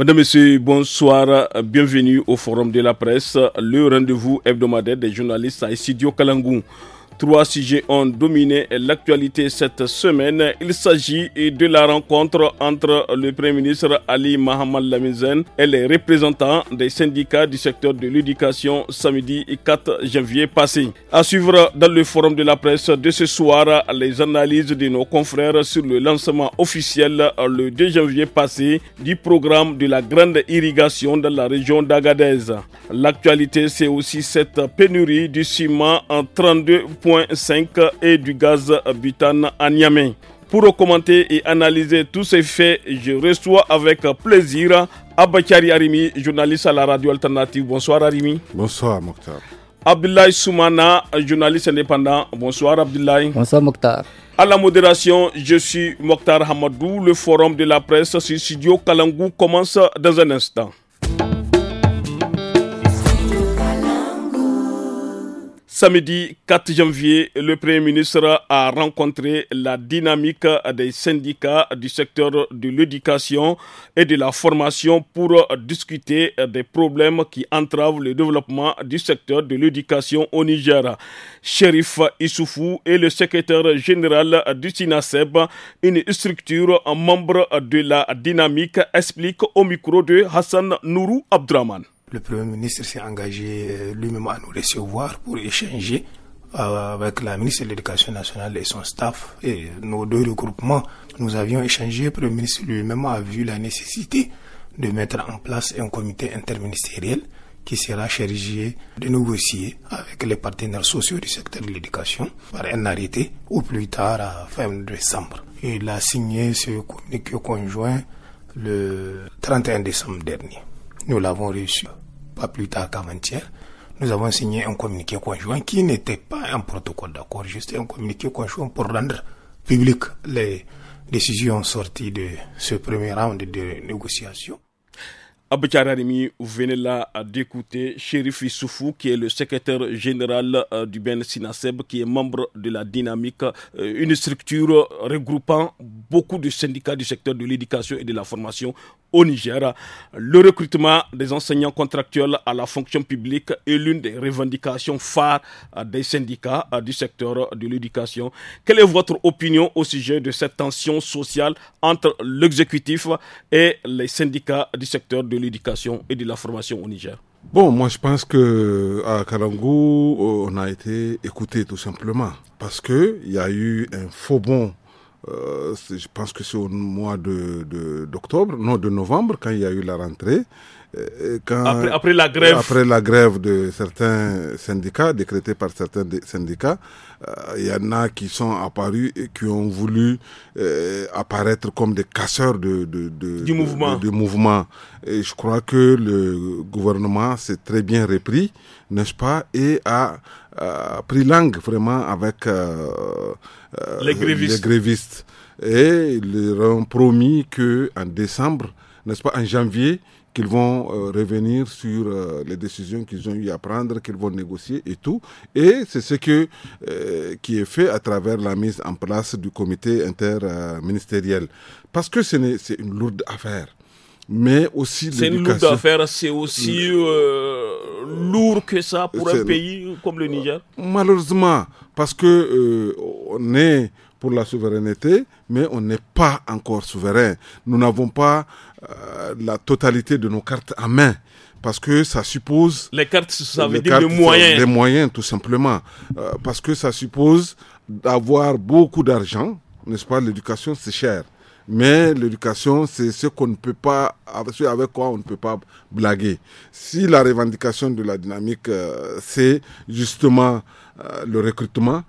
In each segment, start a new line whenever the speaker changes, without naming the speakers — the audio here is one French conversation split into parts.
Mesdames, Messieurs, bonsoir. Bienvenue au Forum de la presse, le rendez-vous hebdomadaire des journalistes à Isidio Kalangou. Trois sujets ont dominé l'actualité cette semaine. Il s'agit de la rencontre entre le Premier ministre Ali Mohamed Lamizen et les représentants des syndicats du secteur de l'éducation samedi 4 janvier passé. À suivre dans le forum de la presse de ce soir, les analyses de nos confrères sur le lancement officiel euh, le 2 janvier passé du programme de la grande irrigation dans la région d'Agadez. L'actualité, c'est aussi cette pénurie du ciment en 32 5 et du gaz butane à Niamey. Pour commenter et analyser tous ces faits, je reçois avec plaisir Abakari Arimi, journaliste à la radio alternative. Bonsoir Arimi.
Bonsoir Mokhtar.
Abdoulaye Soumana, journaliste indépendant. Bonsoir Abdoulaye.
Bonsoir Mokhtar.
À la modération, je suis Mokhtar Hamadou. Le forum de la presse sur Studio Kalangou commence dans un instant. Samedi 4 janvier, le Premier ministre a rencontré la dynamique des syndicats du secteur de l'éducation et de la formation pour discuter des problèmes qui entravent le développement du secteur de l'éducation au Niger. Sherif Issoufou est le secrétaire général du SINASEB, une structure membre de la dynamique, explique au micro de Hassan Nourou Abdraman le Premier ministre s'est engagé euh, lui-même à nous recevoir pour échanger euh, avec la ministre de l'Éducation nationale et son staff et nos deux regroupements. Nous avions échangé, le Premier ministre lui-même a vu la nécessité de mettre en place un comité interministériel qui sera chargé de négocier avec les partenaires sociaux du secteur de l'éducation par un arrêté au plus tard à fin décembre. Il a signé ce communiqué conjoint le 31 décembre dernier. Nous l'avons reçu pas plus tard qu'avant-hier, nous avons signé un communiqué conjoint qui n'était pas un protocole d'accord, juste un communiqué conjoint pour rendre public les décisions sorties de ce premier round de négociations. Abdjararimi, vous venez là d'écouter Chérif Issoufou, qui est le secrétaire général euh, du Ben Sinaseb, qui est membre de la Dynamique, euh, une structure regroupant beaucoup de syndicats du secteur de l'éducation et de la formation au Niger. Le recrutement des enseignants contractuels à la fonction publique est l'une des revendications phares euh, des syndicats du secteur de l'éducation. Quelle est votre opinion au sujet de cette tension sociale entre l'exécutif et les syndicats du secteur de l'éducation et de la formation au Niger
Bon, moi je pense que à Karangou, euh, on a été écouté tout simplement parce que il y a eu un faux bon. Euh, je pense que c'est au mois de d'octobre, non de novembre, quand il y a eu la rentrée, euh, euh, après, la grève. Après la grève de certains syndicats, décrétés par certains syndicats, euh, il y en a qui sont apparus et qui ont voulu apparaître comme des casseurs de, de, du mouvement. De, mouvement. Et je crois que le gouvernement s'est très bien repris, n'est-ce pas, et a, pris langue vraiment avec les grévistes. Et ils leur ont promis que en décembre, n'est-ce pas, en janvier, qu'ils vont euh, revenir sur euh, les décisions qu'ils ont eu à prendre, qu'ils vont négocier et tout. Et c'est ce que, euh, qui est fait à travers la mise en place du comité interministériel. Parce que c'est une, lourde affaire mais aussi C'est une lourde affaire,
c'est aussi lourd que ça pour un pays comme le Niger.
Malheureusement, parce que on est pour la souveraineté, mais on n'est pas encore souverain. Nous n'avons pas euh, la totalité de nos cartes à main parce que ça suppose les cartes ça veut les dire les moyens les moyens tout simplement euh, parce que ça suppose d'avoir beaucoup d'argent n'est-ce pas l'éducation c'est cher mais l'éducation c'est ce qu'on ne peut pas avec quoi on ne peut pas blaguer si la revendication de la dynamique euh, c'est justement le recrutement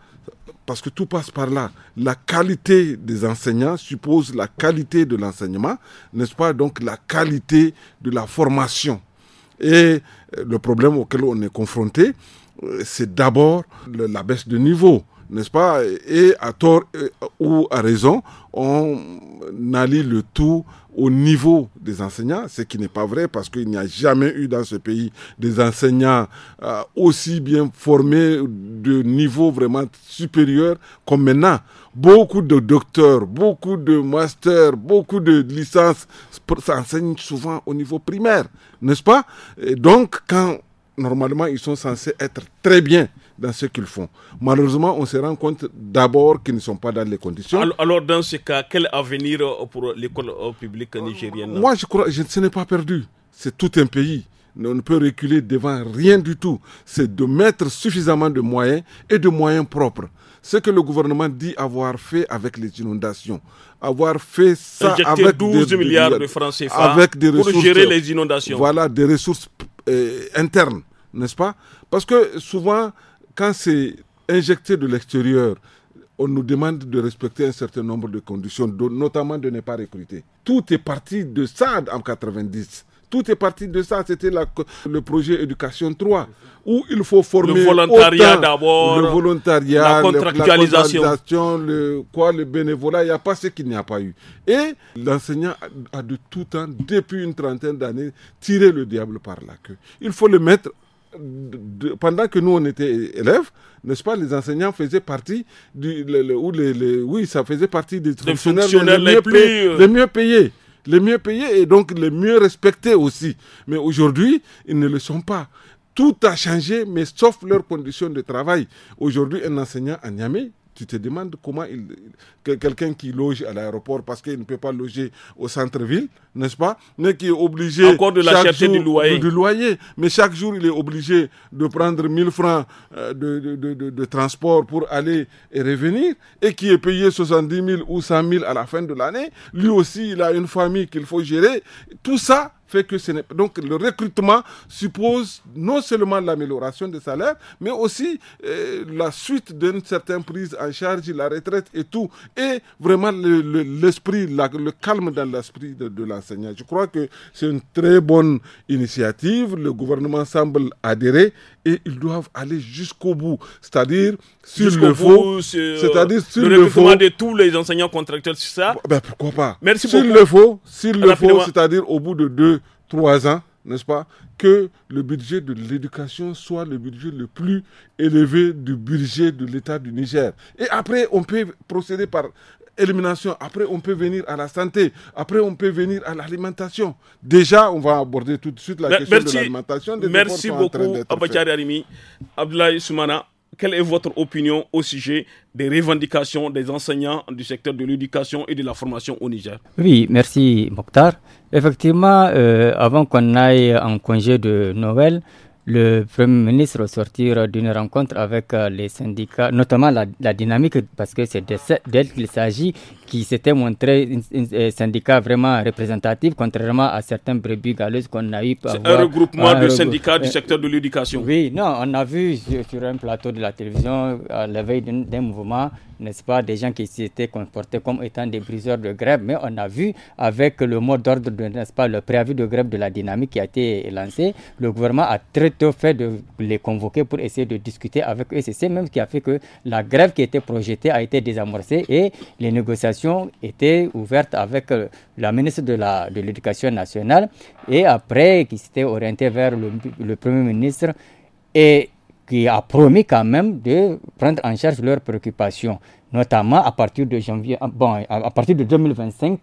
parce que tout passe par là. La qualité des enseignants suppose la qualité de l'enseignement, n'est-ce pas Donc la qualité de la formation. Et euh, le problème auquel on est confronté, euh, c'est d'abord la baisse de niveau n'est-ce pas Et à tort ou à raison, on allie le tout au niveau des enseignants, ce qui n'est pas vrai parce qu'il n'y a jamais eu dans ce pays des enseignants euh, aussi bien formés de niveau vraiment supérieur comme maintenant. Beaucoup de docteurs, beaucoup de masters, beaucoup de licences s'enseignent souvent au niveau primaire, n'est-ce pas Et Donc quand normalement ils sont censés être très bien dans ce qu'ils font. Malheureusement, on se rend compte d'abord qu'ils ne sont pas dans les conditions.
Alors, dans ce cas, quel avenir euh, pour l'école euh, publique nigérienne
Moi, je crois, je, ce n'est pas perdu. C'est tout un pays on ne peut reculer devant rien du tout. C'est de mettre suffisamment de moyens et de moyens propres. Ce que le gouvernement dit avoir fait avec les inondations, avoir fait ça avec 12 milliards de francs CFA pour gérer les inondations. Voilà, des ressources euh, internes, n'est-ce pas Parce que souvent, quand c'est injecté de l'extérieur, on nous demande de respecter un certain nombre de conditions, notamment de ne pas recruter. Tout est parti de ça en 90. Tout est parti de ça. C'était le projet Éducation 3, où il faut former. Le volontariat d'abord. Le volontariat, la contractualisation. Le, quoi, le bénévolat. Il n'y a pas ce qu'il n'y a pas eu. Et l'enseignant a, de tout temps, depuis une trentaine d'années, tiré le diable par la queue. Il faut le mettre pendant que nous on était élèves, n'est-ce pas, les enseignants faisaient partie du, les, oui, ça faisait partie des fonctionnaires, les, mieux payés, euh, les mieux payés, les mieux payés et donc les mieux respectés aussi. Mais aujourd'hui, ils ne le sont pas. Tout a changé, mais sauf leurs conditions de travail. Aujourd'hui, un enseignant à Niamey, tu te demandes comment il, quelqu'un qui loge à l'aéroport parce qu'il ne peut pas loger au centre-ville, n'est-ce pas, mais qui est obligé de la chercher du, loyer. Mais chaque jour, il est obligé de prendre 1000 francs euh, de, de, transport pour aller et revenir et qui est payé 70 000 ou 100 000 à la fin de l'année. Lui aussi, il a une famille qu'il faut gérer. Tout ça, que donc le recrutement suppose non seulement l'amélioration des salaires, mais aussi euh, la suite d'une certaine prise en charge, la retraite et tout, et vraiment l'esprit, le, calme dans l'esprit de, l'enseignant. Je crois que c'est une très bonne initiative. Le gouvernement semble adhérer et ils doivent aller jusqu'au bout, c'est-à-dire sur le faut... Euh, c'est-à-dire sur le, le de
tous les enseignants contractuels sur ça.
Ben, pourquoi pas. Merci le faut, le faut, c'est-à-dire au bout de deux trois ans, n'est-ce pas, que le budget de l'éducation soit le budget le plus élevé du budget de l'État du Niger. Et après, on peut procéder par élimination. Après, on peut venir à la santé. Après, on peut venir à l'alimentation. Déjà, on va aborder tout de suite la question de l'alimentation.
Merci beaucoup, Abdoulaye Soumana, quelle est votre opinion au sujet des revendications des enseignants du secteur de l'éducation et de la formation au Niger
Oui, merci Mokhtar. Effectivement, euh, avant qu'on aille en congé de Noël, le Premier ministre sortir d'une rencontre avec euh, les syndicats, notamment la dynamique, parce que c'est d'elle qu'il s'agit, qui s'était montré un, euh, syndicat vraiment représentatif, contrairement à certains brebis galeuses qu'on a eu. C'est un regroupement de syndicats du euh, secteur de l'éducation. Oui, non, on a vu sur, un plateau de la télévision, à la veille d'un mouvement, n'est-ce pas, des gens qui s'étaient comportés comme étant des briseurs de grève, mais on a vu avec le mot d'ordre, n'est-ce pas, le préavis de grève de la dynamique qui a été lancé, le gouvernement a très tôt fait de les convoquer pour essayer de discuter avec eux. C'est même ce qui a fait que la grève qui était projetée a été désamorcée et les négociations était ouverte avec euh, la ministre de l'Éducation nationale et après qui s'était orientée vers le Premier ministre et qui a promis quand même de prendre en charge leurs préoccupations notamment à partir de janvier, ah, bon, à, partir de 2025,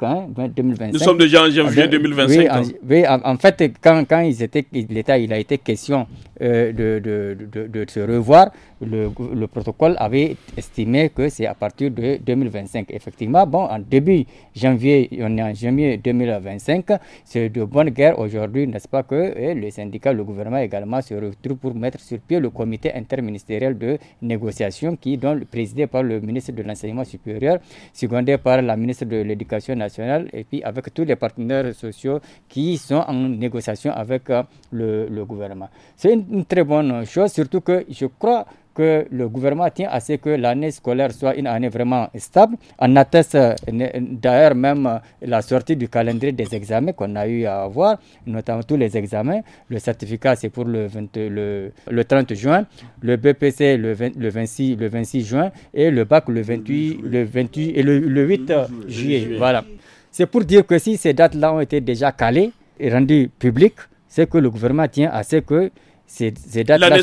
2025. Hein, Nous sommes déjà en janvier 2025. Oui, hein. en, fait, quand, quand ils étaient, l'État, il a été question euh, de, de, de, de, se revoir, le, protocole avait estimé que c'est à partir de 2025. Effectivement, bon, en début janvier, on est en janvier 2025, c'est de bonne guerre aujourd'hui, n'est-ce pas, que eh, les syndicats, le gouvernement également se retrouvent pour mettre sur pied le comité interministériel de négociation qui, est présidé par le ministre de l'enseignement supérieur, secondé par la ministre de l'Éducation nationale et puis avec tous les partenaires sociaux qui sont en négociation avec euh, le, gouvernement. C'est une très bonne chose, surtout que je crois que le gouvernement tient à ce que l'année scolaire soit une année vraiment stable. On atteste euh, d'ailleurs même euh, la sortie du calendrier des examens qu'on a eu à avoir, notamment tous les examens. Le certificat, c'est pour le, 30 juin, le BPC le, 26, le 26 juin et le bac le 28, le 28 et le, 8 euh, juillet. Voilà. C'est pour dire que si ces dates-là ont été déjà calées et rendues publiques, c'est que le gouvernement tient à ce que ces, dates-là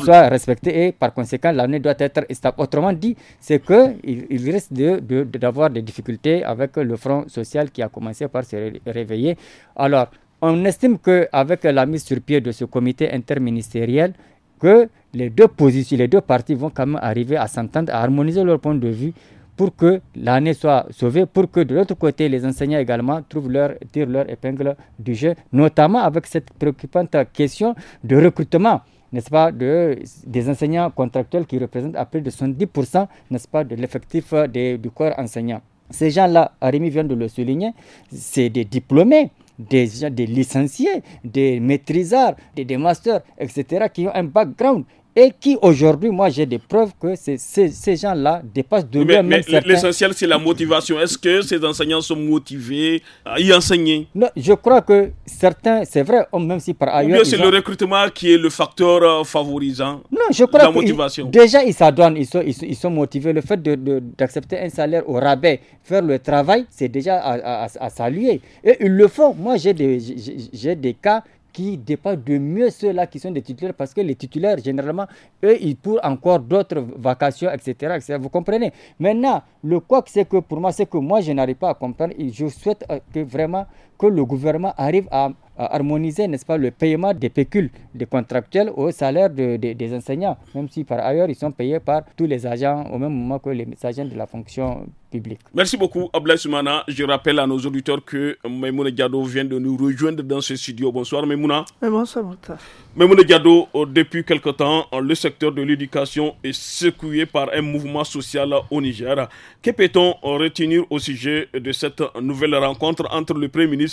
soient, respectées et par conséquent l'année doit être stable. Autrement dit, c'est qu'il il risque d'avoir de, des difficultés avec le front social qui a commencé par se réveiller. Alors, on estime qu'avec la mise sur pied de ce comité interministériel, que les deux positions, les deux parties vont quand même arriver à s'entendre, à harmoniser leur point de vue pour que l'année soit sauvée, pour que de l'autre côté, les enseignants également trouvent leur, tirent leur épingle du jeu, notamment avec cette préoccupante question de recrutement n'est-ce pas, de, des enseignants contractuels qui représentent à plus de 70%, n'est-ce pas, de l'effectif euh, du corps enseignant. Ces gens-là, Rémi vient de le souligner, c'est des diplômés, des, des licenciés, des maîtrisards, des, des masters, etc., qui ont un background et qui aujourd'hui, moi j'ai des preuves que ces, gens-là dépassent de mais, mais L'essentiel
c'est la motivation. Est-ce que ces enseignants sont motivés
à y enseigner Non, je crois que certains, c'est vrai, oh, même si par ailleurs... Ou c'est le
recrutement qui est le facteur euh, favorisant non, je crois la motivation. déjà
ils s'adonnent, ils sont, ils, sont, motivés. Le fait d'accepter un salaire au rabais, faire le travail, c'est déjà à, saluer. Et ils le font. Moi j'ai des cas qui dépend de mieux ceux-là qui sont des titulaires parce que les titulaires, généralement, eux, ils pourront encore d'autres vacations, etc., Vous comprenez Maintenant, le quoi que c'est que pour moi, c'est que moi, je n'arrive pas à comprendre et je souhaite euh, que vraiment que le gouvernement arrive à, harmoniser, n'est-ce pas, le paiement des pécules des contractuels au salaire des enseignants, même si par ailleurs ils sont payés par tous les agents au même moment que les agents de la fonction publique.
Merci beaucoup, Ablaï Soumana. Je rappelle à nos auditeurs que Maimouna Diado vient de nous rejoindre dans ce studio. Bonsoir, Maimouna.
bonsoir, Mouta.
Maimouna Diado, euh, depuis quelque temps, euh, le secteur de l'éducation est secoué par un mouvement social au Niger. Que peut-on euh, retenir au sujet de cette nouvelle rencontre entre le Premier ministre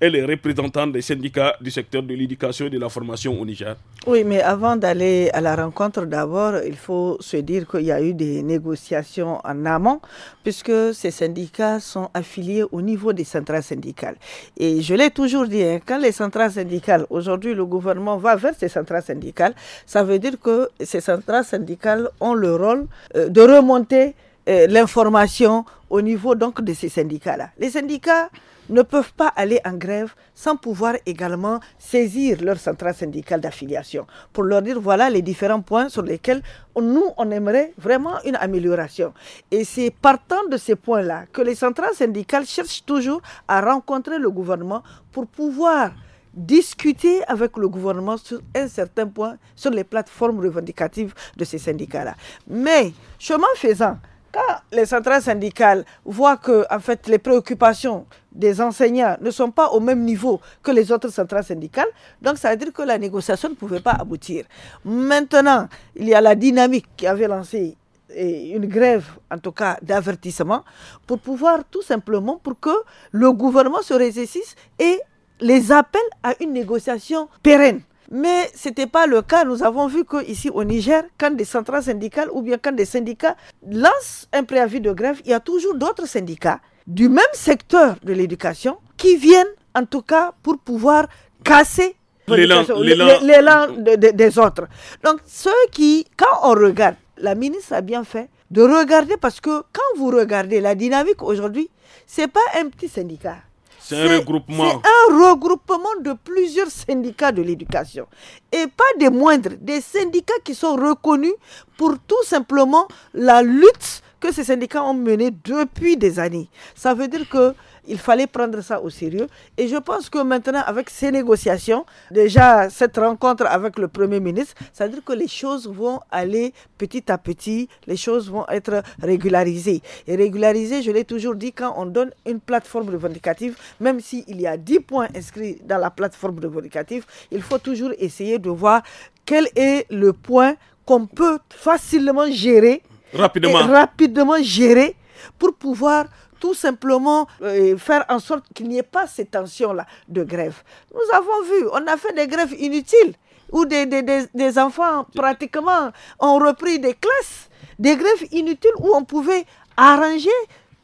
elle et les représentants des syndicats du secteur de l'éducation et de la formation au Niger.
Oui, mais avant d'aller à la rencontre, d'abord, il faut se dire qu'il y a eu des négociations en amont, puisque ces syndicats sont affiliés au niveau des centrales syndicales. Et je l'ai toujours dit, hein, quand les centrales syndicales, aujourd'hui, le gouvernement va vers ces centrales syndicales, ça veut dire que ces centrales syndicales ont le rôle euh, de remonter euh, l'information au niveau donc de ces syndicats-là. Les syndicats ne peuvent pas aller en grève sans pouvoir également saisir leur centrale syndicale d'affiliation pour leur dire voilà les différents points sur lesquels nous on aimerait vraiment une amélioration. Et c'est partant de ces points-là que les centrales syndicales cherchent toujours à rencontrer le gouvernement pour pouvoir discuter avec le gouvernement sur un certain point, sur les plateformes revendicatives de ces syndicats-là. Mais, chemin faisant, quand les centrales syndicales voient que en fait, les préoccupations des enseignants ne sont pas au même niveau que les autres centrales syndicales, donc ça veut dire que la négociation ne pouvait pas aboutir. Maintenant, il y a la dynamique qui avait lancé une grève, en tout cas d'avertissement, pour pouvoir tout simplement pour que le gouvernement se résiste et les appelle à une négociation pérenne. Mais ce n'était pas le cas. Nous avons vu qu'ici au Niger, quand des centrales syndicales ou bien quand des syndicats lancent un préavis de grève, il y a toujours d'autres syndicats du même secteur de l'éducation qui viennent, en tout cas, pour pouvoir casser l'élan des autres. Donc ceux qui, quand on regarde, la ministre a bien fait de regarder parce que quand vous regardez la dynamique aujourd'hui, n'est pas un petit syndicat.
C'est un regroupement.
un regroupement de plusieurs syndicats de l'éducation. Et pas des moindres, des syndicats qui sont reconnus pour tout simplement la lutte que ces syndicats ont mené depuis des années. Ça veut dire que il fallait prendre ça au sérieux. Et je pense que maintenant, avec ces négociations, déjà cette rencontre avec le Premier ministre, ça veut dire que les choses vont aller petit à petit, les choses vont être régularisées. Et régularisées, je l'ai toujours dit, quand on donne une plateforme revendicative, même s'il y a 10 points inscrits dans la plateforme revendicative, il faut toujours essayer de voir quel est le point qu'on peut facilement gérer rapidement, rapidement gérer pour pouvoir tout simplement euh, faire en sorte qu'il n'y ait pas ces tensions-là de grève. Nous avons vu, on a fait des grèves inutiles où des, des enfants pratiquement ont repris des classes, des grèves inutiles où on pouvait arranger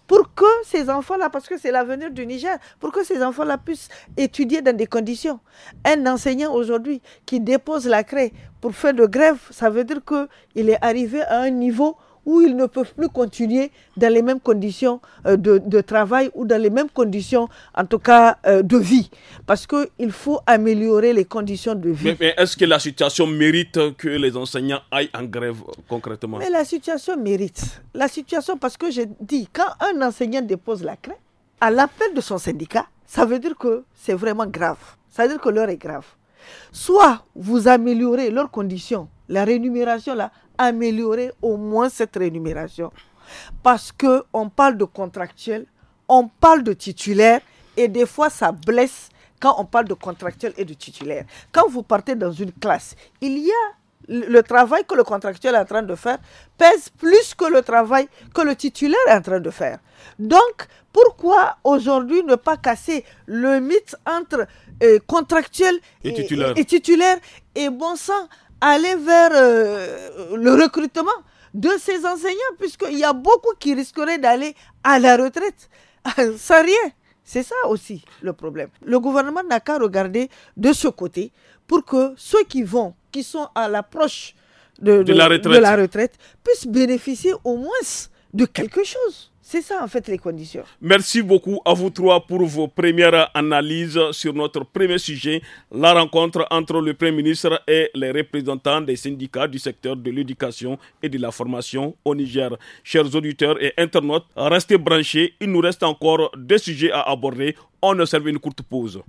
pour que ces enfants-là, parce que c'est l'avenir du Niger, pour que ces enfants-là puissent étudier dans des conditions. Un enseignant aujourd'hui qui dépose la craie pour faire de grève, ça veut dire qu'il est arrivé à un niveau où ils ne peuvent plus continuer dans les mêmes conditions euh, de, travail ou dans les mêmes conditions, en tout cas, euh, de vie. Parce qu'il faut améliorer les conditions de vie.
Mais, est-ce que la situation mérite que les enseignants aillent en grève concrètement Mais
la situation mérite. La situation, parce que je dis, quand un enseignant dépose la craie, à l'appel de son syndicat, ça veut dire que c'est vraiment grave. Ça veut dire que l'heure est grave. Soit vous améliorez leurs conditions la rémunération, améliorer au moins cette rémunération. Parce qu'on parle de contractuel, on parle de titulaire, et des fois ça blesse quand on parle de contractuel et de titulaire. Quand vous partez dans une classe, il y a le travail que le contractuel est en train de faire pèse plus que le travail que le titulaire est en train de faire. Donc, pourquoi aujourd'hui ne pas casser le mythe entre euh, contractuel et, et, et titulaire et bon sang aller vers euh, le recrutement de ces enseignants, puisqu'il y a beaucoup qui risqueraient d'aller à la retraite sans rien. C'est ça aussi le problème. Le gouvernement n'a qu'à regarder de ce côté pour que ceux qui vont, qui sont à l'approche de, la retraite, puissent bénéficier au moins de quelque chose. C'est ça, en fait, les conditions.
Merci beaucoup à vous trois pour vos premières analyses sur notre premier sujet, la rencontre entre le Premier ministre et les représentants des syndicats du secteur de l'éducation et de la formation au Niger. Chers auditeurs et internautes, restez branchés. Il nous reste encore deux sujets à aborder. On observe une courte pause.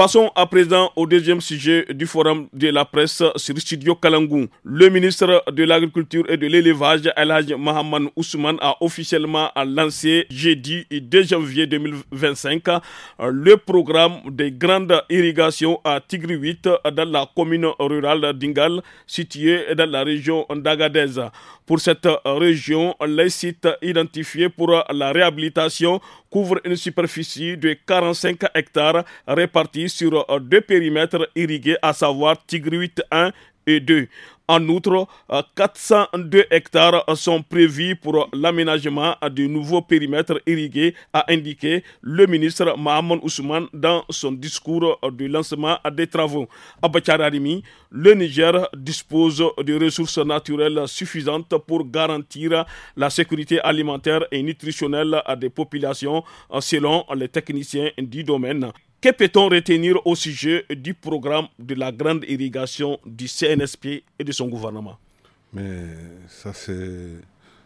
Passons à présent au deuxième sujet du forum de la presse sur Studio Kalangou. Le ministre de l'Agriculture et de l'Élevage, Alhaj Mohamed Ousmane, a officiellement lancé jeudi 2 janvier 2025 euh, le programme des grandes irrigations à Tigri 8 dans la commune rurale d'Ingal, située dans la région d'Agadez. Pour cette région, les sites identifiés pour la réhabilitation couvrent une superficie de 45 hectares répartis sur euh, deux périmètres irrigués, à savoir Tigre 8 1 et 2. En outre, 402 euh, hectares sont prévus pour l'aménagement de nouveaux périmètres irrigués, a indiqué le ministre Mahmoud Ousmane dans son discours euh, du lancement des travaux. À Bachararimi, le Niger dispose de ressources naturelles suffisantes pour garantir la sécurité alimentaire et nutritionnelle des populations, selon les techniciens du domaine. Que peut-on retenir au sujet du programme de la grande irrigation du CNSP et de son gouvernement
Mais ça, c'est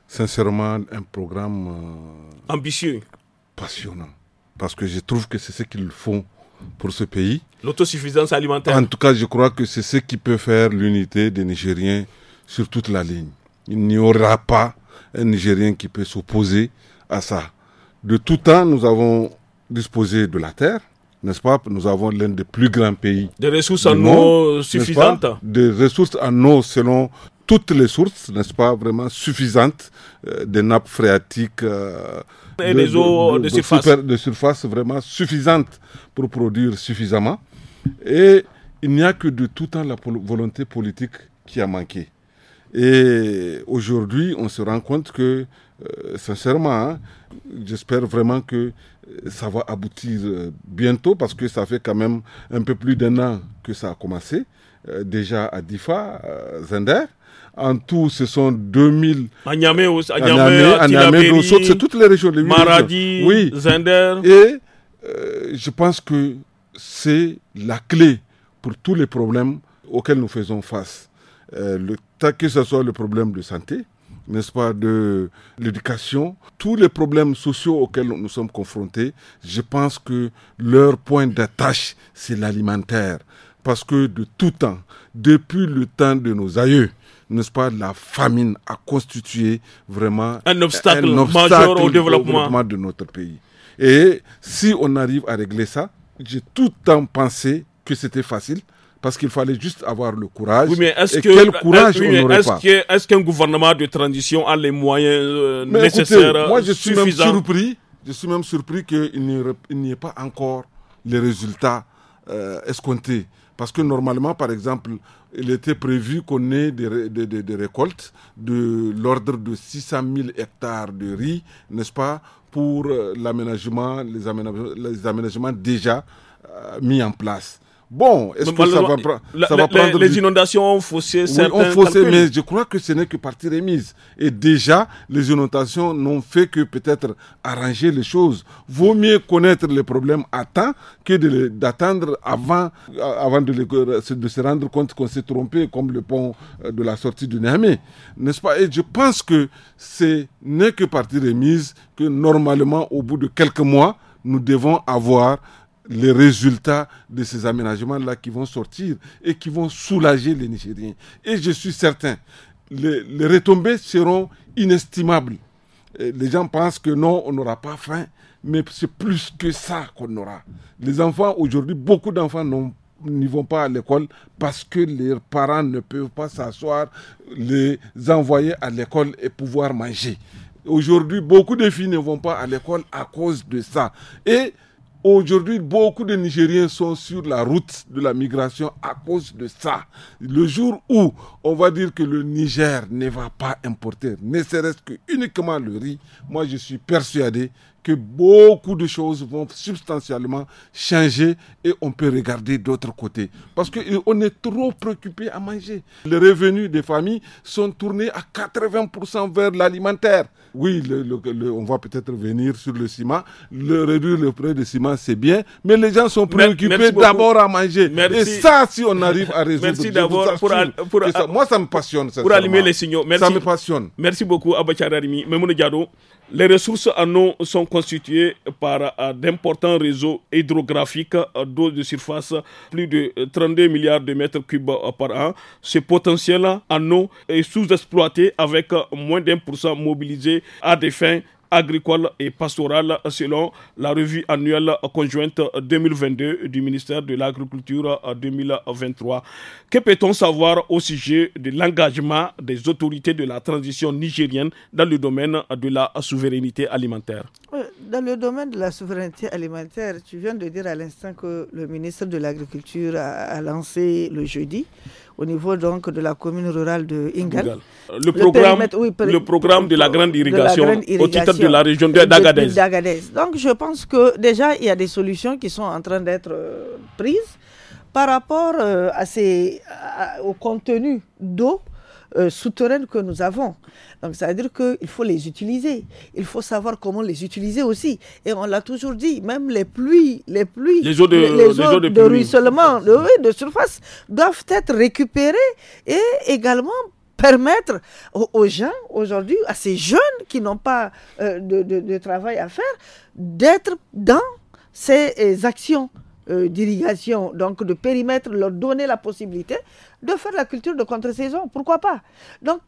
sincèrement un programme euh, ambitieux, passionnant, parce que je trouve que c'est ce qu'ils font pour ce pays. L'autosuffisance alimentaire. En tout cas, je crois que c'est ce qui peut faire l'unité des Nigériens sur toute la ligne. Il n'y aura pas un Nigérien qui peut s'opposer à ça. De tout temps, nous avons disposé de la terre, n'est-ce pas Nous avons l'un des plus grands pays. Des ressources en eau suffisantes. Des ressources en eau selon toutes les sources, n'est-ce pas, vraiment suffisantes, euh, des nappes phréatiques, euh, et de, des eaux de, surface. de, surface. vraiment suffisantes pour produire suffisamment. Et il n'y a que de tout temps la volonté politique qui a manqué. Et aujourd'hui, on se rend compte que, euh, sincèrement, hein, j'espère vraiment que euh, ça va aboutir euh, bientôt parce que ça fait quand même un peu plus d'un an que ça a commencé. déjà à Difa, Zender. En tout, ce sont 2000. À Niamey, Niamey, c'est toutes les régions. Les Maradi,
Zender.
Et je pense que c'est la clé pour tous les problèmes auxquels nous faisons face. le que ce soit le problème de santé, n'est-ce pas, de l'éducation, tous les problèmes sociaux auxquels nous sommes confrontés, je pense que leur point d'attache, c'est l'alimentaire. Parce que de tout temps, depuis le temps de nos aïeux, n'est-ce pas, la famine a constitué vraiment un obstacle, majeur au, développement de notre pays. Et si on arrive à régler ça, j'ai tout le temps pensé que c'était facile parce qu'il fallait juste avoir le courage. Oui, mais est-ce que pas.
Est-ce qu'un gouvernement de transition a les moyens euh, nécessaires euh, Moi, je suis même surpris.
Je suis même surpris qu'il n'y ait pas encore les résultats euh, escomptés. Parce que normalement, par exemple, il était prévu qu'on ait des, récoltes de l'ordre de 600 000 hectares de riz, n'est-ce pas, pour l'aménagement, les aménagements, déjà mis en place. Bon, est-ce que ça va, prendre... Les
inondations ont faussé oui, ont faussé, mais je
crois que ce n'est que partie remise. Et déjà, les inondations n'ont fait que peut-être arranger les choses. Vaut mieux connaître les problèmes à temps que d'attendre avant, euh, avant de, de, se rendre compte qu'on s'est trompé, comme le pont euh, de la sortie du Niamey. N'est-ce pas Et je pense que ce n'est que partie remise que normalement, au bout de quelques mois, nous devons avoir les résultats de ces aménagements-là qui vont sortir et qui vont soulager les Nigériens. Et je suis certain, les, retombées seront inestimables. les gens pensent que non, on n'aura pas faim, mais c'est plus que ça qu'on aura. Les enfants, aujourd'hui, beaucoup d'enfants n'y vont pas à l'école parce que leurs parents ne peuvent pas s'asseoir, les envoyer à l'école et pouvoir manger. Aujourd'hui, beaucoup de filles ne vont pas à l'école à cause de ça. Et Aujourd'hui, beaucoup de Nigériens sont sur la route de la migration à cause de ça. Le jour où on va dire que le Niger ne va pas importer, ne serait-ce que uniquement le riz, moi je suis persuadé que beaucoup de choses vont substantiellement changer et on peut regarder d'autres côtés. Parce qu'on euh, est trop préoccupé à manger. Les revenus des familles sont tournés à 80% vers l'alimentaire. Oui, on va peut-être venir sur le ciment. Le réduire le prix de ciment, c'est bien, mais les gens sont préoccupés d'abord à manger. Et ça, si on arrive à résoudre. d'abord Moi, ça me passionne. Pour allumer les signaux. Merci. Ça me passionne.
Merci beaucoup, Abachararimi. Les ressources en eau sont constituées par euh, d'importants réseaux hydrographiques euh, d'eau de surface, plus de 32 euh, milliards de mètres cubes par an. Ce potentiel en eau est sous-exploité avec moins d'un pour cent mobilisé à des fins agricole et pastorale selon la revue annuelle conjointe 2022 du ministère de l'Agriculture 2023. Que peut-on savoir au sujet de l'engagement des autorités de la transition nigérienne dans le domaine de la souveraineté alimentaire
dans le domaine de la souveraineté alimentaire, tu viens de dire à l'instant que le ministre de l'Agriculture a, lancé le jeudi, au niveau donc de la commune rurale de Ingal. Euh, le programme, le, programme de la, grande irrigation, au titre de la région d'Agadez. Donc je pense que déjà il y a des solutions qui sont en train d'être euh, prises par rapport euh, à ces, au contenu d'eau euh, souterraines que nous avons. Donc ça veut dire qu'il faut les utiliser. Il faut savoir comment les utiliser aussi. Et on l'a toujours dit, même les pluies, les pluies, les eaux de, les, eaux de, ruissellement, de, surface, doivent être récupérées et également permettre aux, gens aujourd'hui, à ces jeunes qui n'ont pas euh, de, travail à faire, d'être dans ces euh, actions euh, d'irrigation, donc de périmètre, leur donner la possibilité de faire la culture de contre-saison. Pourquoi pas Donc,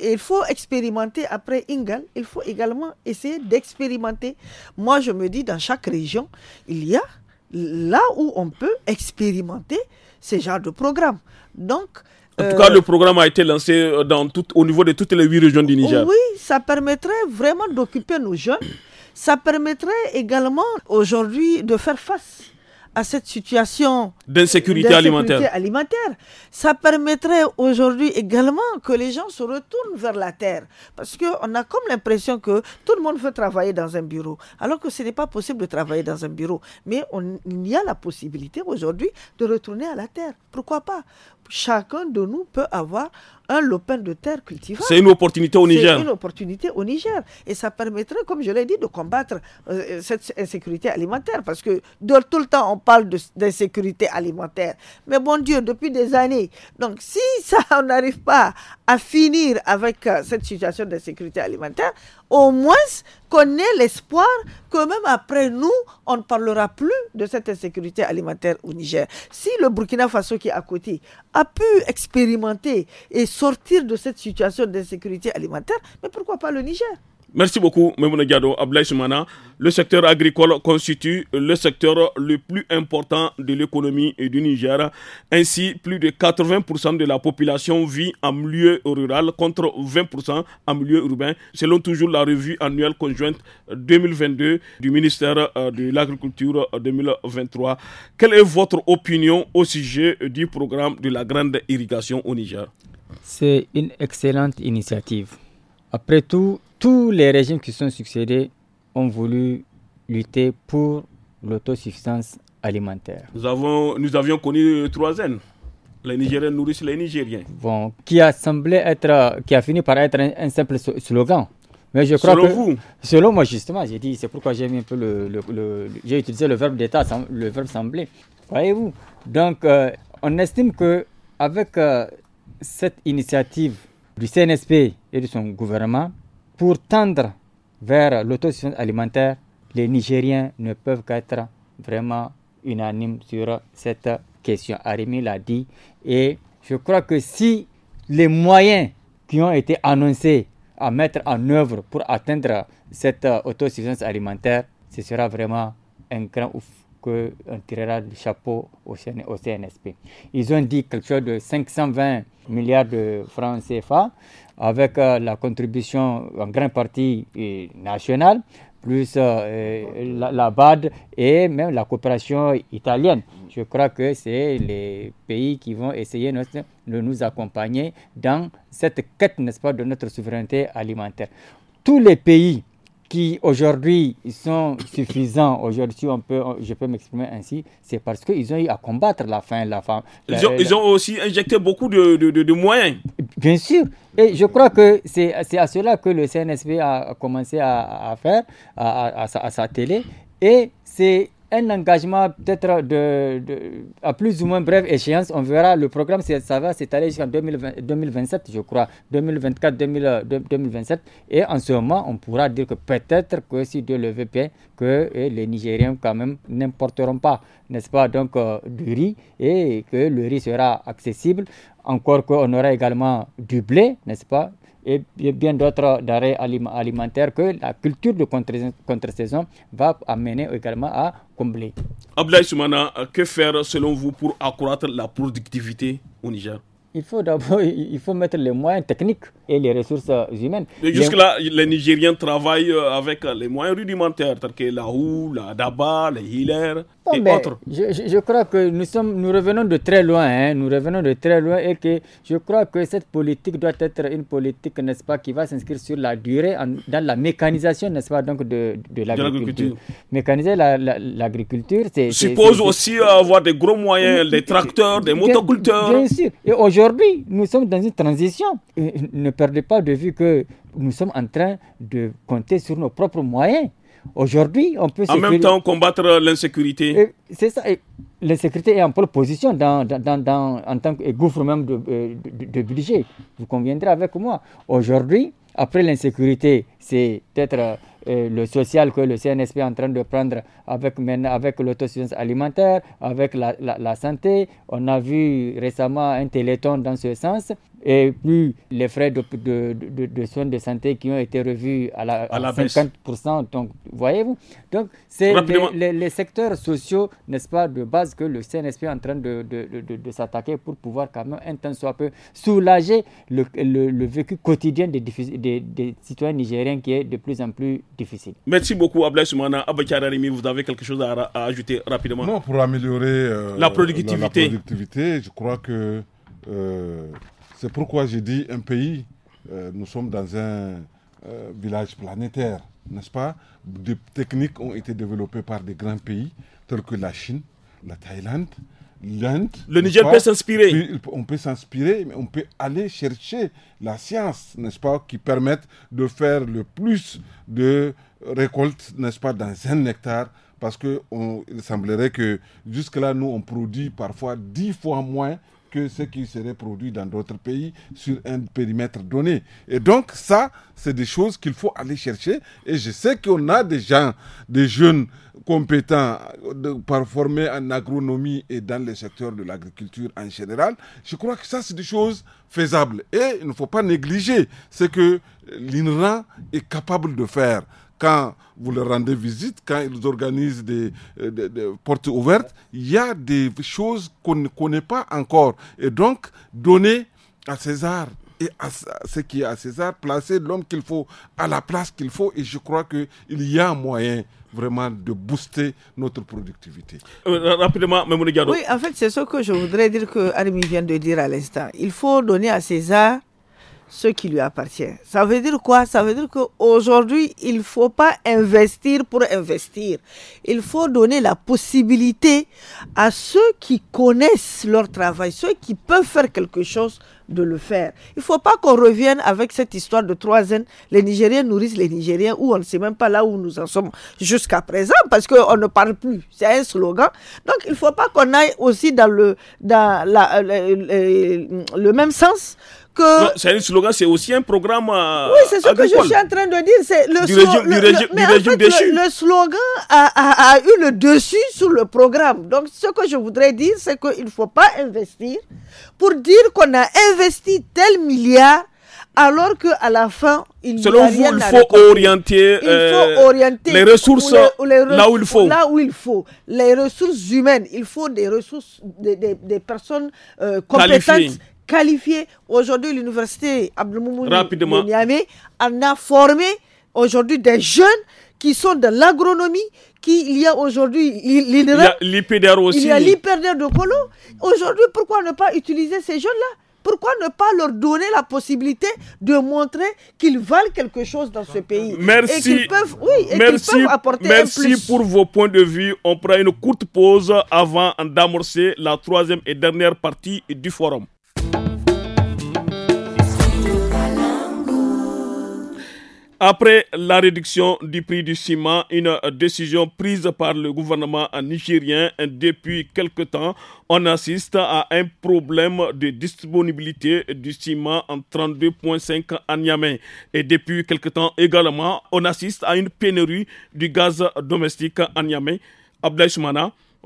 il faut expérimenter après Ingal, il faut également essayer d'expérimenter. Moi, je me dis, dans chaque région, il y a là où on peut expérimenter ce genre de programme. Donc, en tout euh, cas, le
programme a été lancé euh, dans tout, au niveau de toutes les huit régions du Niger. Oui,
ça permettrait vraiment d'occuper nos jeunes. Ça permettrait également aujourd'hui de faire face à cette situation d'insécurité alimentaire. Ça permettrait aujourd'hui également que les gens se retournent vers la terre. Parce qu'on a comme l'impression que tout le monde veut travailler dans un bureau, alors que ce n'est pas possible de travailler dans un bureau. Mais il y a la possibilité aujourd'hui de retourner à la terre. Pourquoi pas chacun de nous peut avoir un lopin de terre cultivable. C'est une opportunité au Niger. C'est une opportunité au Niger. Et ça permettrait, comme je l'ai dit, de combattre euh, cette insécurité alimentaire. Parce que tout le temps, on parle d'insécurité alimentaire. Mais bon Dieu, depuis des années. Donc, si ça, on n'arrive pas à finir avec euh, cette situation d'insécurité alimentaire, au moins qu'on ait l'espoir que même après nous, on ne parlera plus de cette insécurité alimentaire au Niger. Si le Burkina Faso qui est à côté a pu expérimenter et sortir de cette situation d'insécurité alimentaire, mais pourquoi pas le Niger
Merci beaucoup, Mme Diado, Ablaïsoumana. Le secteur agricole constitue le secteur le plus important de l'économie du Niger. Ainsi, plus de 80% de la population vit en milieu rural contre 20% en milieu urbain, selon toujours la revue annuelle conjointe 2022 du ministère euh, de l'Agriculture 2023. Quelle est votre opinion au sujet du programme de la grande irrigation au
Niger C'est une excellente initiative. Après tout, tous les régimes qui sont succédés ont voulu lutter pour l'autosuffisance alimentaire.
Nous, avons, nous avions connu euh, trois N. Les Nigériens nourrissent les Nigériens.
Bon, qui a semblé être, euh, qui a fini par être un, simple slogan. Mais je crois selon que, vous Selon moi, justement, j'ai dit, c'est pourquoi j'ai un peu le, j'ai utilisé le verbe d'État, le verbe sembler. Voyez-vous Donc, euh, on estime que avec cette initiative du CNSP et de son gouvernement, pour tendre vers l'autosuffisance alimentaire, les Nigériens ne peuvent qu'être vraiment unanimes sur cette question. Arimi l'a dit. Et je crois que si les moyens qui ont été annoncés à mettre en œuvre pour atteindre cette autosuffisance alimentaire, ce sera vraiment un grand ouf qu'on tirera du chapeau au CNSP. Ils ont dit quelque chose de 520 milliards de francs CFA avec euh, la contribution en grande partie euh, nationale, plus euh, la, BAD et même la coopération italienne. Je crois que c'est les pays qui vont essayer de nous accompagner dans cette quête, n'est-ce pas, de notre souveraineté alimentaire. Tous les pays qui aujourd'hui sont suffisants, aujourd'hui on peut, je peux m'exprimer ainsi, c'est parce qu'ils ont eu à combattre la faim, la femme. ils,
ont, euh, aussi injecté beaucoup de,
moyens. Bien sûr. Et je crois que c'est à cela que le CNSP a commencé à, faire, à, sa télé. Et c'est un engagement peut-être de, à plus ou moins brève échéance. On verra, le programme, ça va s'étaler jusqu'en 2027, je crois, 2024, 2027. Et en ce moment, on pourra dire que peut-être que si Dieu le veut que eh, les Nigériens, quand même, n'importeront pas, n'est-ce pas, donc euh, du riz et que le riz sera accessible. Encore qu'on aura également du blé, n'est-ce pas, et bien d'autres d'arrêts alimentaires que la culture de contre-saison va amener également à combler. Abdullah
Soumana, que faire selon vous pour accroître la productivité au Niger
il faut d'abord il faut mettre les moyens techniques et les ressources humaines. Jusque-là,
les... Nigériens travaillent euh, avec euh, les moyens rudimentaires, tels que la roue, la daba, les hilaires et autres.
Je, je, crois que nous, sommes, nous revenons de très loin, hein, nous revenons de très loin et que je crois que cette politique doit être une politique, n'est-ce pas, qui va s'inscrire sur la durée, dans la mécanisation, n'est-ce pas, donc de, de l'agriculture. Mécaniser l'agriculture, c'est... Suppose aussi
avoir des gros moyens, des tracteurs, des motoculteurs. Bien
sûr. Et aujourd'hui, Aujourd'hui, nous sommes dans une transition. ne perdez pas de vue que nous sommes en train de compter sur nos propres moyens. Aujourd'hui, on peut... En même temps,
combattre l'insécurité.
C'est ça. L'insécurité est en pole position dans, dans, dans, en tant que gouffre même de, euh, de budget. Vous conviendrez avec moi. Aujourd'hui, après l'insécurité, c'est peut-être euh, euh, le social que le CNSP est en train de prendre avec, avec l'autosuffisance alimentaire, avec la, la, la santé. On a vu récemment un téléthon dans ce sens et plus les frais de, de, de, soins de santé qui ont été revus à la, à 50%. Donc, voyez-vous Donc, c'est les, les, secteurs sociaux, n'est-ce pas, de base que le CNSP est en train de, s'attaquer pour pouvoir quand même un temps soit peu soulager le, le, le vécu quotidien des, des, citoyens nigériens qui est de plus en plus
difficile. Merci beaucoup, Ablaï Soumana. vous avez quelque chose à, ajouter rapidement Non,
pour améliorer euh, la, productivité. je crois que... Euh, c'est pourquoi j'ai dit un pays, euh, nous sommes dans un euh, village planétaire, n'est-ce pas Des techniques ont été développées par des grands pays tels que la Chine, la Thaïlande, l'Inde. Le Niger peut s'inspirer. On peut s'inspirer, mais on peut aller chercher la science, n'est-ce pas, qui permette de faire le plus de récoltes, n'est-ce pas, dans un hectare parce qu'il semblerait que jusque-là, nous, on produit parfois dix fois moins que ce qui serait produit dans d'autres pays sur un périmètre donné. Et donc ça, c'est des choses qu'il faut aller chercher. Et je sais qu'on a des gens, des jeunes compétents, par formés en agronomie et dans le secteur de l'agriculture en général. Je crois que ça, c'est des choses faisables. Et il ne faut pas négliger ce que l'INRA est capable de faire quand vous leur rendez visite, quand ils organisent euh, des, portes ouvertes, il y a des choses qu'on ne connaît pas encore. Et donc, donner à César et à ce qui est à César, placer l'homme qu'il faut à la place qu'il faut. Et je crois qu'il y a moyen vraiment de booster notre productivité.
Euh, rapidement, Gado. Oui,
en fait, c'est ce que je voudrais dire que Armi vient de dire à l'instant. Il faut donner à César ce qui lui appartient. Ça veut dire quoi Ça veut dire qu'aujourd'hui, il ne faut pas investir pour investir. Il faut donner la possibilité à ceux qui connaissent leur travail, ceux qui peuvent faire quelque chose, de le faire. Il ne faut pas qu'on revienne avec cette histoire de troisième. Les Nigériens nourrissent les Nigériens où on ne sait même pas là où nous en sommes jusqu'à présent parce qu'on ne parle plus. C'est un slogan. Donc il ne faut pas qu'on aille aussi dans le, dans la, euh, euh, le même sens
c'est un slogan, c'est aussi un programme. Euh, oui, c'est ce que je suis en
train de dire. C'est le, mais en fait, le, slogan a, a, a, eu le dessus sur le programme. Donc, ce que je voudrais dire, c'est qu'il ne faut pas investir pour dire qu'on a investi tel milliard alors qu'à la fin, il n'y a rien faut, orienter,
il faut euh, orienter les ressources, là, où il faut. là
où il faut. Les ressources humaines, il faut des ressources, des, des, personnes euh, compétentes qualifié. Aujourd'hui, l'université Abdelmoumouni de Niamey en a formé aujourd'hui des jeunes qui sont de l'agronomie, qui il y a aujourd'hui Il aussi. Il a de Polo. Aujourd'hui, pourquoi ne pas utiliser ces jeunes-là pourquoi ne pas leur donner la possibilité de montrer qu'ils valent quelque chose dans ce pays Merci. Et qu'ils peuvent, oui, et apporter un pour
vos points de vue. On prend une courte pause avant d'amorcer la troisième et dernière partie du forum. Après la réduction du prix du ciment, une décision prise par le gouvernement nigérien depuis quelque temps, on assiste à un problème de disponibilité du ciment en 32.5 à Niamey. Et depuis quelque temps également, on assiste à une pénurie du gaz domestique à Niamey. Abdel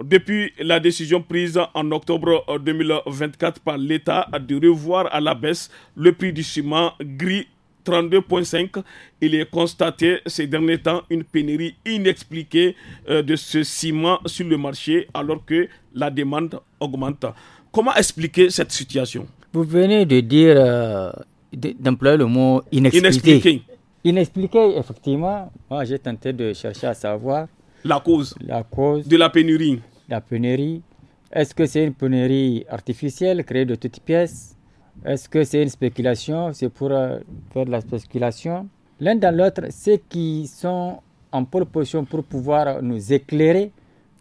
depuis la décision prise en octobre 2024 par l'État de revoir à la baisse le prix du ciment gris 32.5, il est constaté ces derniers temps une pénurie inexpliquée euh, de ce ciment sur le marché alors que la demande augmente. Comment expliquer cette situation
Vous venez de dire, euh, d'employer le mot inexpliqué. Inexpliqué. Inexpliqué, effectivement. Moi, j'ai tenté de chercher à savoir. La cause. La cause. De la pénurie. La pénurie. Est-ce que c'est une pénurie artificielle créée de toutes pièces est-ce que c'est une spéculation C'est pour euh, faire de la spéculation L'un dans l'autre, ceux qui sont en proportion pour pouvoir nous éclairer.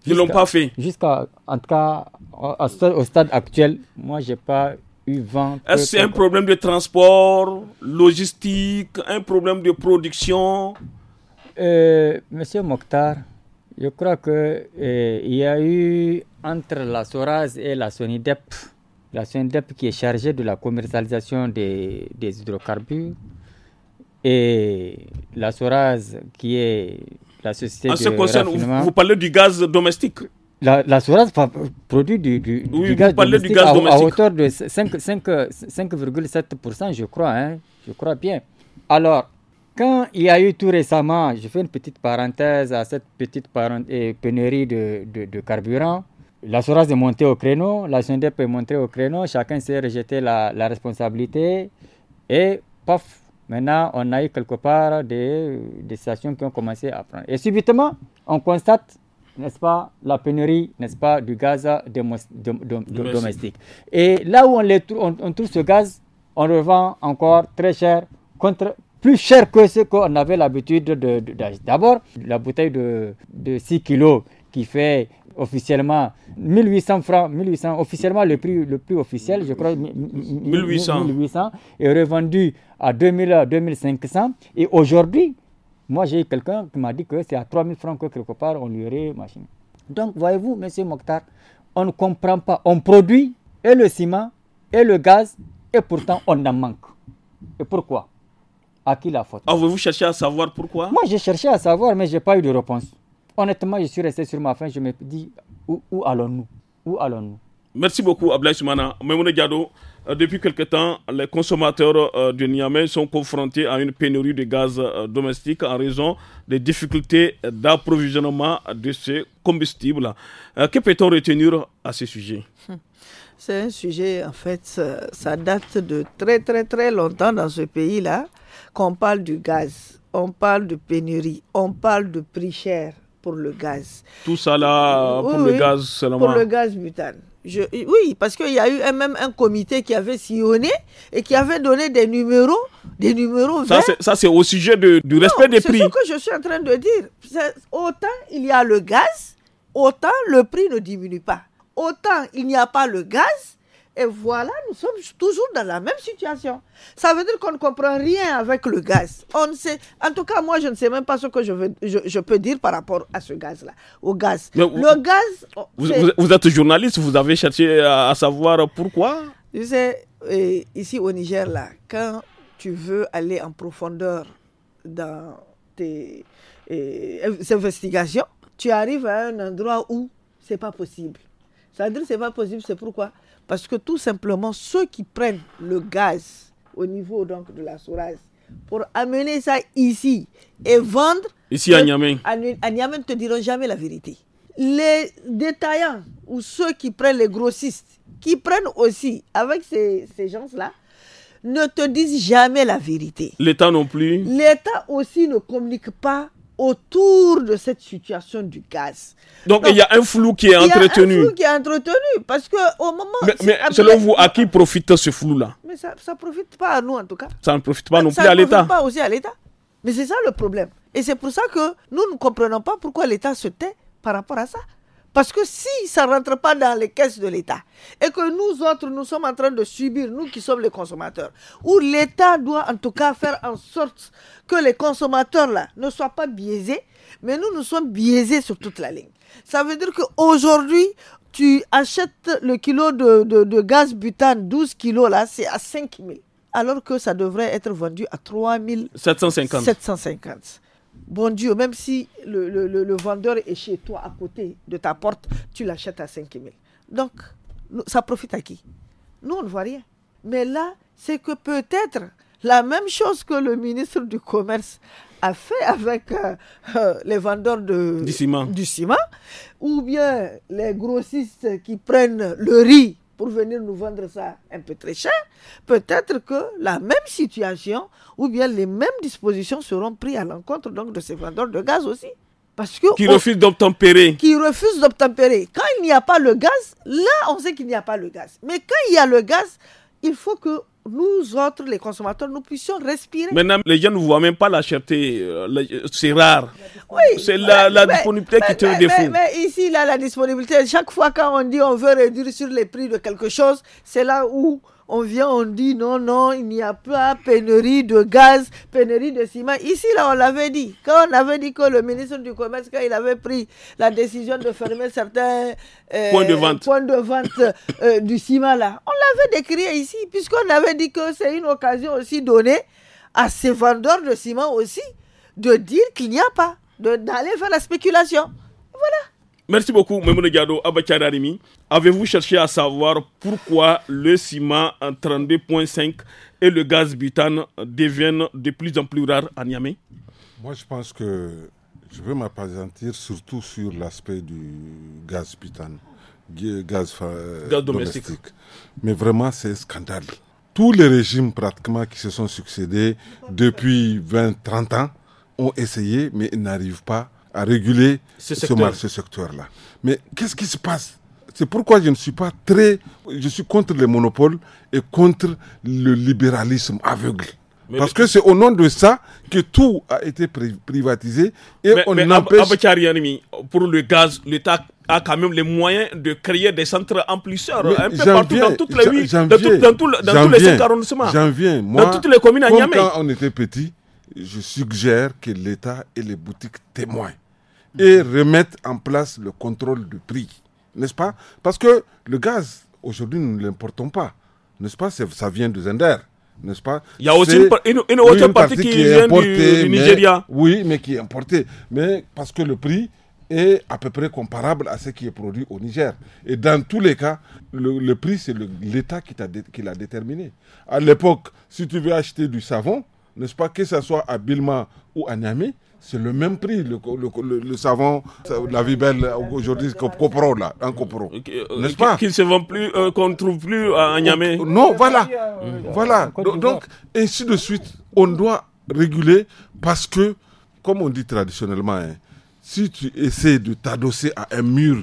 Ils ne l'ont pas fait. Jusqu'à, en tout cas, au, stade actuel, moi, je n'ai pas eu vent. Est-ce que c'est
un problème de transport, logistique, un problème de production
euh, Monsieur Mokhtar, je crois qu'il euh, y a eu entre la Soraz et la SONIDEP la SUNDEP qui est chargée de la commercialisation des, hydrocarbures et la SORAS qui est la société en de qui concerne, vous, parlez du gaz domestique la, Soraz produit du, du, oui, du, gaz, domestique du gaz, domestique à, hauteur de 5,7%, je crois, hein, je crois bien. Alors, quand il y a eu tout récemment, je fais une petite parenthèse à cette petite pénurie de, de carburant, la est montée au créneau, la SUNDEP est montée au créneau, chacun s'est rejeté la, responsabilité et paf, maintenant on a eu quelque part des, des stations qui ont commencé à prendre. Et subitement, on constate, n'est-ce pas, la pénurie, n'est-ce pas, du gaz domestique. Et là où on, les, on, trouve ce gaz, on le vend encore très cher, contre, plus cher que ce qu'on avait l'habitude d'acheter. D'abord, la bouteille de, de 6 kilos qui fait officiellement 1800 francs, 1800, officiellement le prix, le plus officiel, je crois, 1800, 1800 est revendu à 2000, 2500. Et aujourd'hui, moi j'ai eu quelqu'un qui m'a dit que c'est à 3000 francs que quelque part on lui aurait machine. Donc voyez-vous, monsieur Mokhtar, on ne comprend pas. On produit et le ciment et le gaz et pourtant on en manque. Et pourquoi À qui la faute avez ah, vous cherchez à savoir pourquoi Moi j'ai cherché à savoir mais je n'ai pas eu de réponse. Honnêtement, je suis resté sur ma fin, Je me dis, où, allons-nous Où allons-nous
Merci beaucoup, Ablaï Soumana. Memoune Diado, euh, depuis quelque temps, les consommateurs euh, du Niamey sont confrontés à une pénurie de gaz euh, domestique en raison des difficultés d'approvisionnement de ces combustibles. Que peut-on retenir à ce sujet
C'est un sujet, en fait, ça date de très, très, très longtemps dans ce pays-là qu'on parle du gaz, on parle de pénurie, on parle de prix cher pour le gaz.
Tout ça là, pour le gaz seulement Pour le
gaz butane. oui, parce qu'il y a eu même un comité qui avait sillonné et qui avait donné des numéros, des numéros
Ça, c'est au sujet de, du respect des prix. C'est ce que
je suis en train de dire. Autant il y a le gaz, autant le prix ne diminue pas. Autant il n'y a pas le gaz, et voilà, nous sommes toujours dans la même situation. Ça veut dire qu'on ne comprend rien avec le gaz. On sait, en tout cas, moi, je ne sais même pas ce que je, je, peux dire par rapport à ce gaz-là, au gaz. le gaz. Oh, vous,
êtes journaliste, vous avez cherché à, savoir pourquoi
Je sais, ici au Niger, là, quand tu veux aller en profondeur dans tes investigations, tu arrives à un endroit où c'est pas possible. Ça veut dire c'est pas possible, c'est pourquoi parce que tout simplement, ceux qui prennent le gaz au niveau donc, de la Soraz pour amener ça ici et vendre.
Ici à Niamey.
Niamey ne te diront jamais la vérité. Les détaillants ou ceux qui prennent les grossistes, qui prennent aussi avec ces, ces gens-là, ne te disent jamais la vérité.
L'État non plus.
L'État aussi ne communique pas autour de cette situation du gaz. Donc, il y a un flou qui est entretenu. Il y a un flou qui est entretenu parce que au moment. Mais, selon vous,
à qui profite ce flou-là
Mais ça ne profite pas à nous en tout cas.
Ça ne profite pas non plus à l'État. Ça ne profite
pas aussi à l'État. Mais c'est ça le problème. Et c'est pour ça que nous ne comprenons pas pourquoi l'État se tait par rapport à ça. Parce que si ça ne rentre pas dans les caisses de l'État et que nous autres, nous sommes en train de subir, nous qui sommes les consommateurs, où l'État doit en tout cas faire en sorte que les consommateurs là ne soient pas biaisés, mais nous, nous sommes biaisés sur toute la ligne. Ça veut dire qu'aujourd'hui, tu achètes le kilo de, de, gaz butane, 12 kilos là, c'est à 5 000 alors que ça devrait être vendu à 3 750 bon Dieu, même si le, vendeur est chez toi à côté de ta porte, tu l'achètes à 5 000. Donc, ça profite à qui Nous, on ne voit rien. Mais là, c'est que peut-être la même chose que le ministre du Commerce a fait avec euh, euh, les vendeurs de, du ciment, ou bien les grossistes qui prennent le riz pour venir nous vendre ça un peu très cher, peut-être que la même situation ou bien les mêmes dispositions seront prises à l'encontre donc de ces vendeurs de gaz aussi. Parce que qui
d'obtempérer.
Qui refusent d'obtempérer. Quand il n'y a pas le gaz, là, on sait qu'il n'y a pas le gaz. Mais quand il y a le gaz, il faut que nous autres, les consommateurs, nous puissions respirer.
Maintenant, les gens ne voient même pas la cherté. Euh, euh, c'est rare.
c'est la, disponibilité qui te Mais, ici, là, la disponibilité, chaque fois quand on dit on veut réduire sur les prix de quelque chose, c'est là où on vient, on dit non, non, il n'y a pas pénurie de gaz, pénurie de ciment. Ici, là, on l'avait dit. Quand on avait dit que le ministre du Commerce, quand il avait pris la décision de fermer certains euh, points de vente, de vente euh, du ciment, là, on l'avait décrit ici, puisqu'on avait dit que c'est une occasion aussi donnée à ces vendeurs de ciment aussi de dire qu'il n'y a pas, d'aller faire la spéculation. Voilà.
Merci beaucoup, Memoune Diado, Avez-vous cherché à savoir pourquoi le ciment en 32.5 et le gaz butane deviennent de plus en plus rares à Niamey
Moi, je pense que je veux m'appesantir surtout sur l'aspect du gaz butane, gaz, euh, domestique. Mais vraiment, c'est un scandale. Tous les régimes pratiquement qui se sont succédés depuis 20-30 ans ont essayé, mais n'arrivent pas à réguler ce, secteur. secteur-là. Mais qu'est-ce qui se passe c'est pourquoi je ne suis pas très. Je suis contre les monopoles et contre le libéralisme aveugle. Parce que c'est au nom de ça que tout a été privatisé et
on empêche. pour le gaz, l'État a quand même les moyens de créer des centres amplisseurs un peu partout dans toutes les villes, dans, tout, dans, dans tous les arrondissements.
J'en viens. Moi, dans toutes les communes à Quand on était petit, je suggère que l'État et les boutiques témoignent et remettre en place le contrôle du prix. N'est-ce pas Parce que le gaz, aujourd'hui, nous ne l'importons pas. N'est-ce pas Ça vient de Zender. N'est-ce pas Il y a aussi une, autre partie, qui, vient du, Nigeria. oui, mais qui est importée. Mais parce que le prix est à peu près comparable à ce qui est produit au Niger. Et dans tous les cas, le, prix, c'est l'État qui, qui l'a déterminé. À l'époque, si tu veux acheter du savon, n'est-ce pas, que ce soit à Bilma ou à Niamey, c'est le même prix, le, savon, euh, la vie belle euh, aujourd'hui, copro, là, un hein, copro. Euh, N'est-ce pas Qu'il se vend plus, qu'on ne trouve plus à Nyamé? Oh, non, voilà. Hmm. Voilà. Donc, ainsi de suite, on doit réguler parce que, comme on dit traditionnellement, hein, si tu essaies de t'adosser à un mur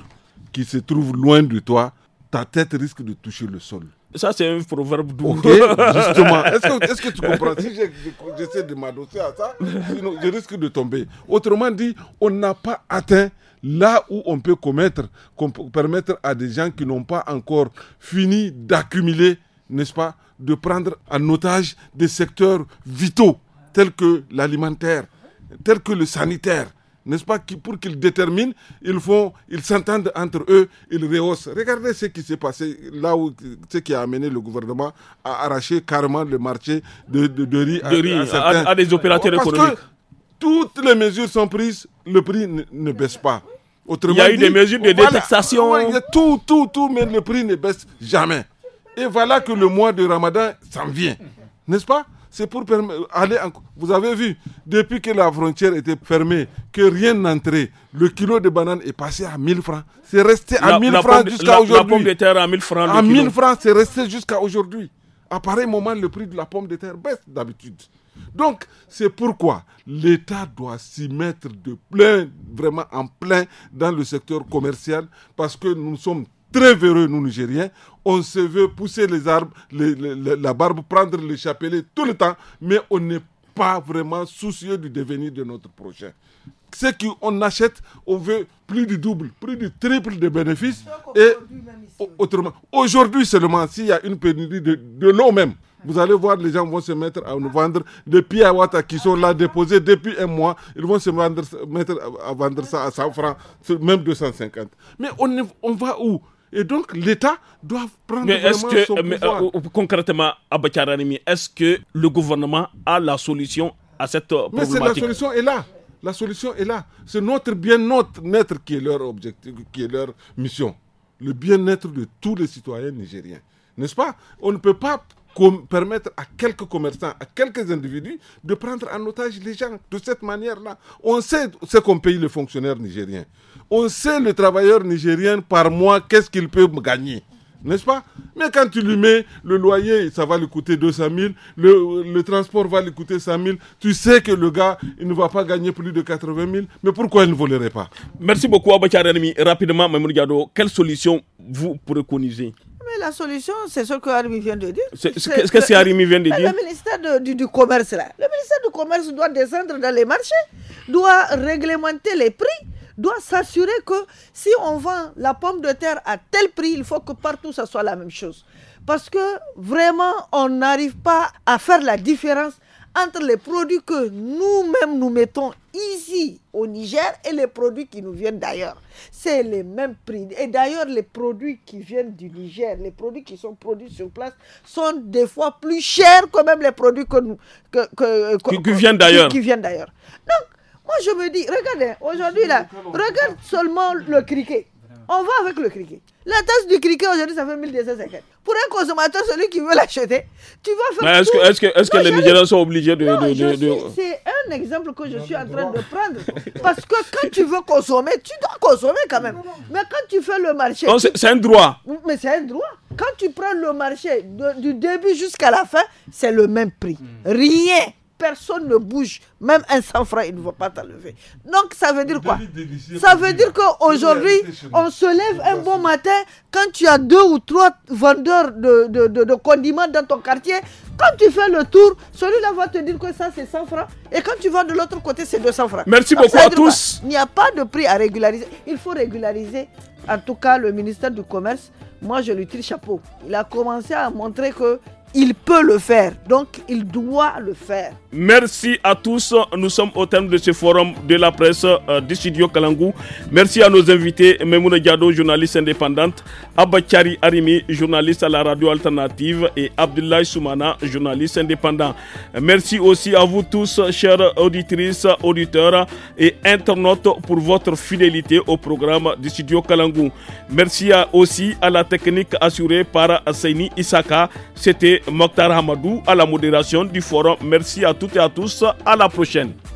qui se trouve loin de toi, ta tête risque de toucher le sol. Ça, c'est un proverbe doux. justement. Est-ce que, tu comprends Si j'essaie de m'adosser à ça, je risque de tomber. Autrement dit, on n'a pas atteint là où on peut commettre, peut permettre à des gens qui n'ont pas encore fini d'accumuler, n'est-ce pas, de prendre en otage des secteurs vitaux tels que l'alimentaire, tels que le sanitaire, n'est-ce pas, qui, pour qu'ils déterminent, ils font, ils s'entendent entre eux, ils rehaussent. Regardez ce qui s'est passé là où, ce qui a amené le gouvernement à arracher carrément le marché de, de, riz, à, des opérateurs économiques. toutes les mesures sont prises, le prix ne, baisse pas. il y a eu des mesures de Il détaxation. a tout, tout, tout, mais le prix ne baisse jamais. Et voilà que le mois de Ramadan s'en vient, n'est-ce pas c'est pour aller en... Vous avez vu, depuis que la frontière était fermée, que rien n'entrait, le kilo de banane est passé à 1000 francs. C'est resté à 1000 francs jusqu'à aujourd'hui. La pomme de terre à 1000 francs. À 1000 francs, c'est resté jusqu'à aujourd'hui. À pareil moment, le prix de la pomme de terre baisse d'habitude. Donc, c'est pourquoi l'État doit s'y mettre de plein, vraiment en plein, dans le secteur commercial, parce que nous sommes très véreux, nous, Nigériens. On se veut pousser les arbres, la barbe, prendre les chapelet tout le temps, mais on n'est pas vraiment soucieux du devenir de notre projet. Ce qu'on achète, on veut plus du double, plus du triple de bénéfices. Et autrement, aujourd'hui seulement, s'il y a une pénurie de, l'eau même, vous allez voir, les gens vont se mettre à nous vendre des pieds qui sont là déposés depuis un mois. Ils vont se mettre à, vendre ça à 100 francs, même 250. Mais on va où et donc, l'État doit prendre mais vraiment que, son mais pouvoir. Euh,
concrètement, Abacharanimi, est-ce que le gouvernement a la solution à cette euh, problématique Mais la solution
est là. La solution est là. C'est notre bien-être qui est leur objectif, qui est leur mission. Le bien-être de tous les citoyens nigériens. N'est-ce pas On ne peut pas permettre à quelques commerçants, à quelques individus de prendre en otage les gens de cette manière-là. On sait ce qu'on paye les fonctionnaires nigériens. On sait le travailleur nigérien par mois, qu'est-ce qu'il peut gagner. N'est-ce pas Mais quand tu lui mets le loyer, ça va lui coûter 200 000, le, transport va lui coûter 100 000, tu sais que le gars, il ne va pas gagner plus de 80 000, mais pourquoi il ne volerait pas Merci beaucoup, René. Rapidement, Mamouri Gado, quelle solution
vous préconisez
la solution, c'est ce que Harimi vient de dire. Qu'est-ce que c'est vient de dire Le ministère du, Commerce, là. Le ministère du Commerce doit descendre dans les marchés, doit réglementer les prix, doit s'assurer que si on vend la pomme de terre à tel prix, il faut que partout, ça soit la même chose. Parce que vraiment, on n'arrive pas à faire la différence entre les produits que nous-mêmes nous mettons ici au Niger et les produits qui nous viennent d'ailleurs. C'est les mêmes prix. Et d'ailleurs, les produits qui viennent du Niger, les produits qui sont produits sur place, sont des fois plus chers que même les produits que nous, que, que, qui, viennent d'ailleurs. Qui, qui viennent d'ailleurs. Donc, moi je me dis, regardez, aujourd'hui là, regarde seulement le criquet. On va avec le criquet. La tasse du criquet aujourd'hui, ça fait 1250. Pour un consommateur, celui qui veut l'acheter, tu vas faire. Est-ce que, est ce que les Nigériens sont obligés de. C'est un exemple que je suis en train de prendre. Parce que quand tu veux consommer, tu dois consommer quand même. Mais quand tu fais le marché. C'est un droit. Mais c'est un droit. Quand tu prends le marché du début jusqu'à la fin, c'est le même prix. Hmm. Rien personne ne bouge, même un 100 francs, il ne va pas t'enlever. Donc ça veut dire quoi Ça veut dire qu'aujourd'hui, on se lève un bon matin, quand tu as deux ou trois vendeurs de, condiments dans ton quartier, quand tu fais le tour, celui-là va te dire que ça c'est 100 francs. Et quand tu vas de l'autre côté, c'est 200 francs. Merci beaucoup à tous. Il n'y a pas de prix à régulariser. Il faut régulariser. En tout cas, le ministère du Commerce, moi je lui tire chapeau. Il a commencé à montrer que il peut le faire, donc il doit le faire.
Merci à tous. Nous sommes au terme de ce forum de la presse euh, du studio Kalangou. Merci à nos invités, Memouna Diado, journaliste indépendante, Abachari Arimi, journaliste à la radio alternative et Abdoulaye Soumana, journaliste indépendant. Merci aussi à vous tous, chers auditrices, auditeurs et internautes pour votre fidélité au programme du studio Kalangou. Merci aussi à la technique assurée par Seini Isaka. C'était Mokhtar Hamadou à la modération du forum. Merci à toutes et à tous. À la prochaine.